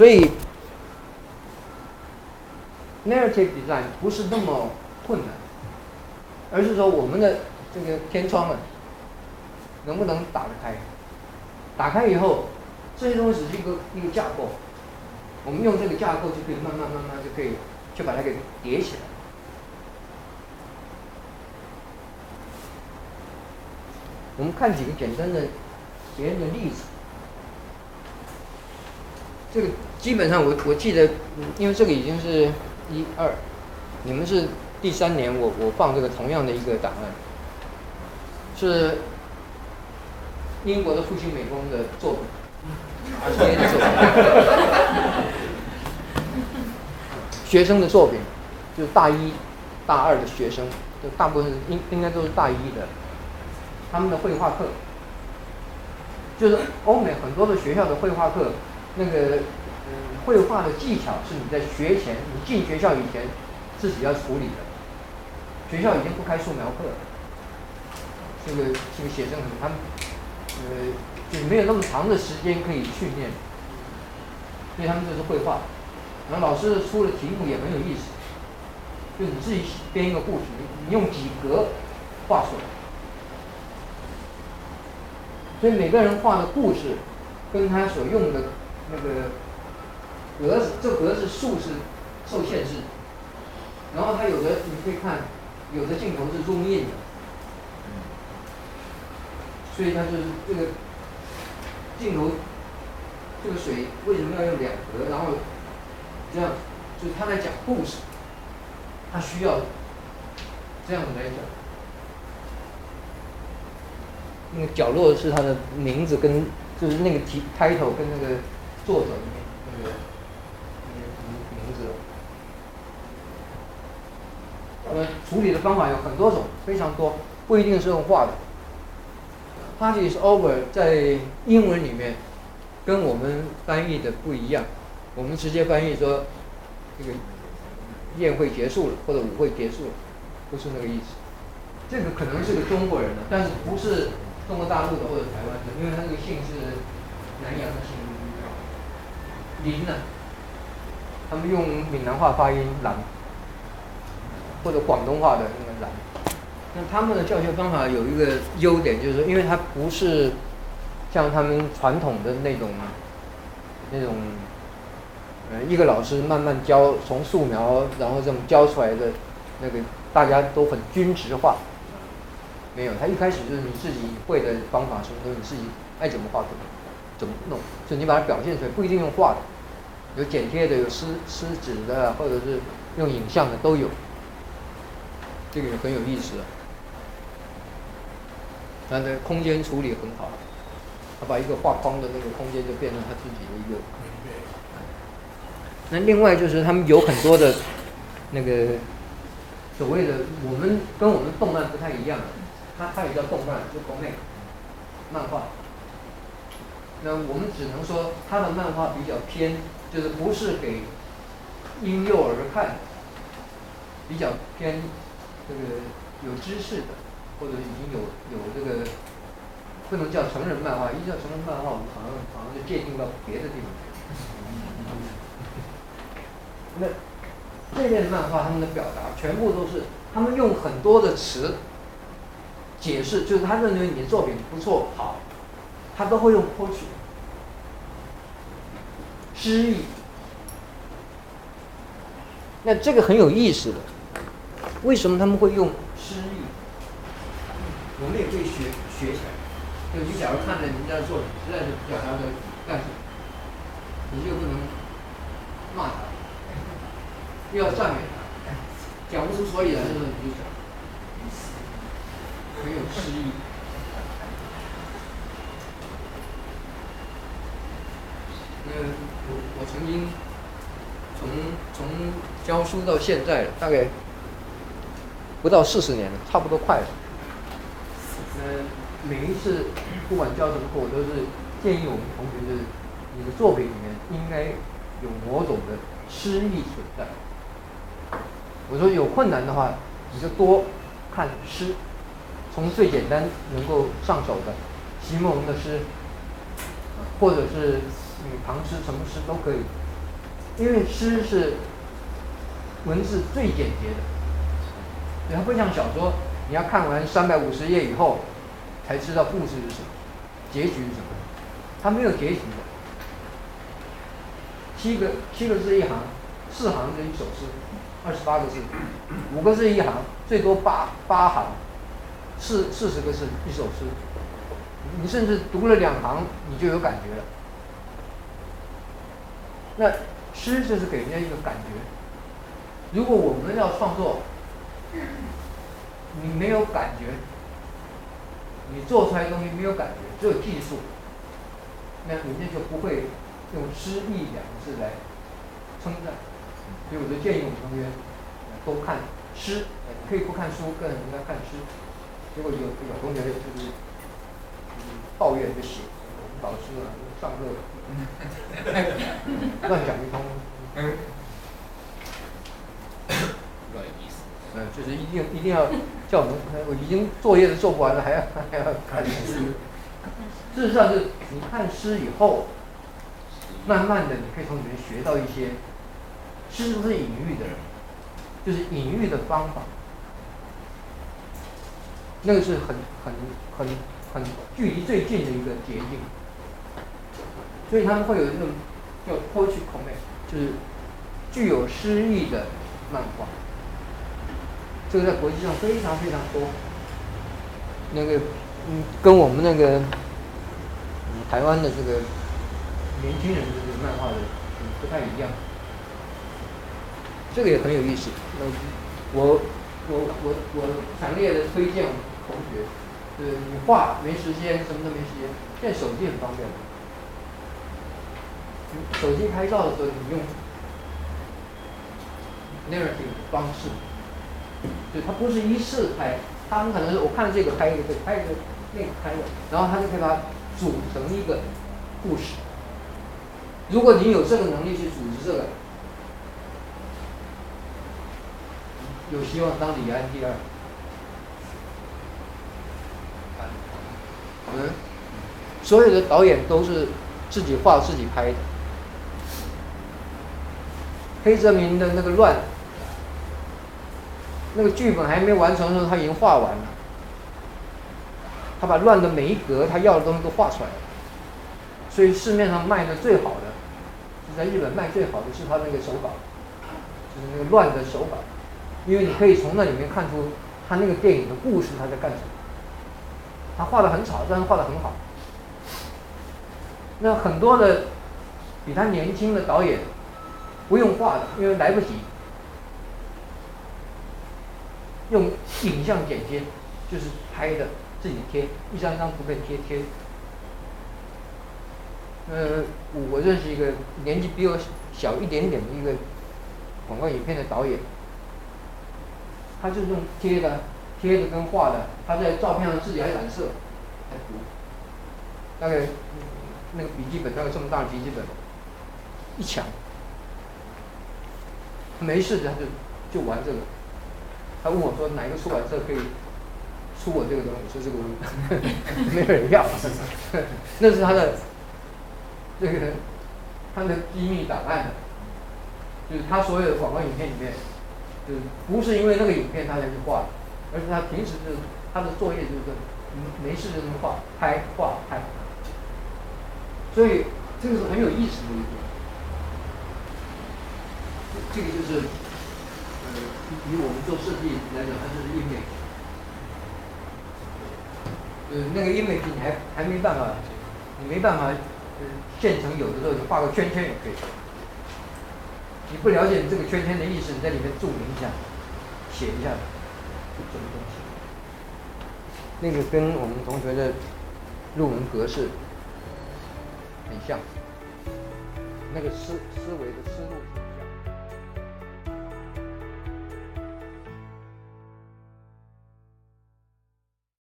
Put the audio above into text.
所以，Narrative design 不是那麼困難，而是說我們的這個天窗了、啊，能不能打得開？打開以後，這些東西是一個一個架構，我們用這個架構就可以慢慢慢慢就可以去把它給疊起來。我們看幾個簡單的別人的例子。這個基本上我我記得，因為這個已經是一二，你們是第三年我，我我放這個同樣的一個檔案，是英國的復興美工的作品， 作品 學生的作品，就是大一、大二的學生，就大部分應應該都是大一的，他們的繪畫課，就是歐美很多的學校的繪畫課。那個，呃，繪畫的技巧是你在學前，你進學校以前自己要處理的。學校已經不開素描課了，這個這個學生他們，呃，就沒有那麼長的時間可以訓練。所以他們就是繪畫，然後老師出的題目也很有意思，就你自己編一個故事你，你用幾格畫出來。所以每個人畫的故事，跟他所用的。那個格子，這格子數是受限制的。然後它有的你可以看，有的鏡頭是中印的，所以它就是這個鏡頭，這個水為什麼要用兩格？然後這樣，就是他在講故事，他需要這樣子來講。那個角落是它的名字跟，跟就是那個題 title 跟那個。作者裡面，那個，什麼名字？處理的方法有很多種，非常多，不一定是用畫的。Party is over，在英文裡面，跟我們翻譯的不一樣，我們直接翻譯說這、那個宴會結束了，或者舞會結束了，不是那個意思。這個可能是個中國人的，但是不是中國大陸的或者台灣的，因為他那個姓是南洋的姓。林呢、啊，他們用閩南話發音藍，或者廣東話的那個藍。那他們的教學方法有一個優點，就是因為他不是像他們傳統的那種那種，嗯，一個老師慢慢教，從素描然後這種教出來的，那個大家都很均質化。沒有，他一開始就是你自己會的方法，什麼都你自己愛怎麼畫怎麼。怎麼弄？就你把它表現出來，不一定用畫的，有剪貼的，有撕撕紙的，或者是用影像的都有。這個也很有意思啊。他的空間處理很好，他把一個畫框的那個空間就變成他自己的一個。那、嗯、另外就是他們有很多的那個所謂的，我們跟我們動漫不太一樣，他他也叫動漫，就國內漫畫。那我們只能說，他的漫畫比較偏，就是不是給嬰幼兒看，比較偏這個有知識的，或者已經有有這個不能叫成人漫畫，一叫成人漫畫，我們好像好像就界定到別的地方。 那，那，那，那這類的漫畫，他們的表達全部都是，他們用很多的詞解釋，就是他認為你的作品不錯，好。他都會用 poetry，詩意。那這個很有意思的，為什麼他們會用詩意？ 我們也可以學學起來。就你假如看着人家的作品，實在是表達的爛，你就不能罵他，又要讚美他，講不出所以然的時候，你就講很有詩意。我曾經從從教書到現在，大概不到四十年了，差不多快了。每一次不管教什麼課，我都是建議我們同學就是你的作品裡面應該有某種的詩意存在。我說有困難的話，你就多看詩，從最簡單能夠上手的，席慕容的詩，或者是。你唐詩、什麼詩都可以，因為詩是文字最簡潔的，還不像小說，你要看完三百五十頁以後才知道故事是什麼，結局是什麼，它沒有結局的。七個七個字一行，四行的一首詩，二十八個字，五個字一行，最多八八行，四四十個字一首詩，你甚至讀了兩行，你就有感覺了。那詩就是給人家一個感覺。如果我們要創作，你沒有感覺，你做出來的東西沒有感覺，只有技術，那人家就不會用詩意兩個字來稱讚。所以我就建議我們同學多看詩，可以不看書，更應該看詩。結果有有同學就是抱怨不寫。老師啊，上課，亂 講一通。 嗯。就是一定一定要叫我們，我已經作業都做不完了，還要還要看詩。事實上是，你看詩以後，慢慢的你可以從裡面學到一些詩是隱喻的，就是隱喻的方法，那個是很很很很距離最近的一個捷徑。所以他們會有一種叫 “poetry comic”，就是具有詩意的漫畫。這個在國際上非常非常多。那個，嗯，跟我們那個、嗯、台灣的這個年輕人的這個漫畫的不太一樣、嗯。這個也很有意思。嗯、我我我我強烈的推薦同學，就是你畫沒時間，什麼都沒時間，現在手機很方便的手機拍照的時候，你用 narrative 的方式，就他不是一次拍，他很可能是我看了這個拍一個，拍一個那個拍一個，然後他就可以把組成一個故事。如果你有這個能力去組織這個，有希望當李安第二。嗯，所有的導演都是自己畫自己拍的。黑澤明的那個亂，那個劇本還沒完成的時候，他已經畫完了。他把亂的每一格，他要的東西都畫出來了。所以市面上賣的最好的，是在日本賣最好的是他那個手稿，就是那個亂的手稿。因為你可以從那裡面看出他那個電影的故事，他在幹什麼。他畫的很草，但是畫的很好。那很多的比他年輕的導演。不用畫的，因為來不及。用影像剪接，就是拍的自己貼一張張圖片貼貼。呃，我認識一個年紀比我小一點點的一個廣告影片的導演，他就是用貼的、貼的跟畫的，他在照片上自己還染色，還、嗯、塗。大概那個筆記本，那個這麼大的筆記本，一牆。沒事的，他就就玩這個。他問我說：“哪一個出版社可以出我這個東西？”說：“這個東西 沒有人要。 ”那是他的這個他的機密檔案，就是他所有的廣告影片裡面，就是不是因為那個影片他才去畫的，而是他平時就是他的作業就是、嗯、沒事就那麼畫，拍畫拍。所以這個是很有意思的一點。這個就是，呃、嗯，以我們做設計來講，還是 image。呃、嗯，那個 image 你還還沒辦法，你沒辦法，呃，現成有的時候你畫個圈圈也可以。你不了解你這個圈圈的意思，你在裡面注明一下，寫一下，什麼東西。那個跟我們同學的論文格式很像，那個思思維的思路。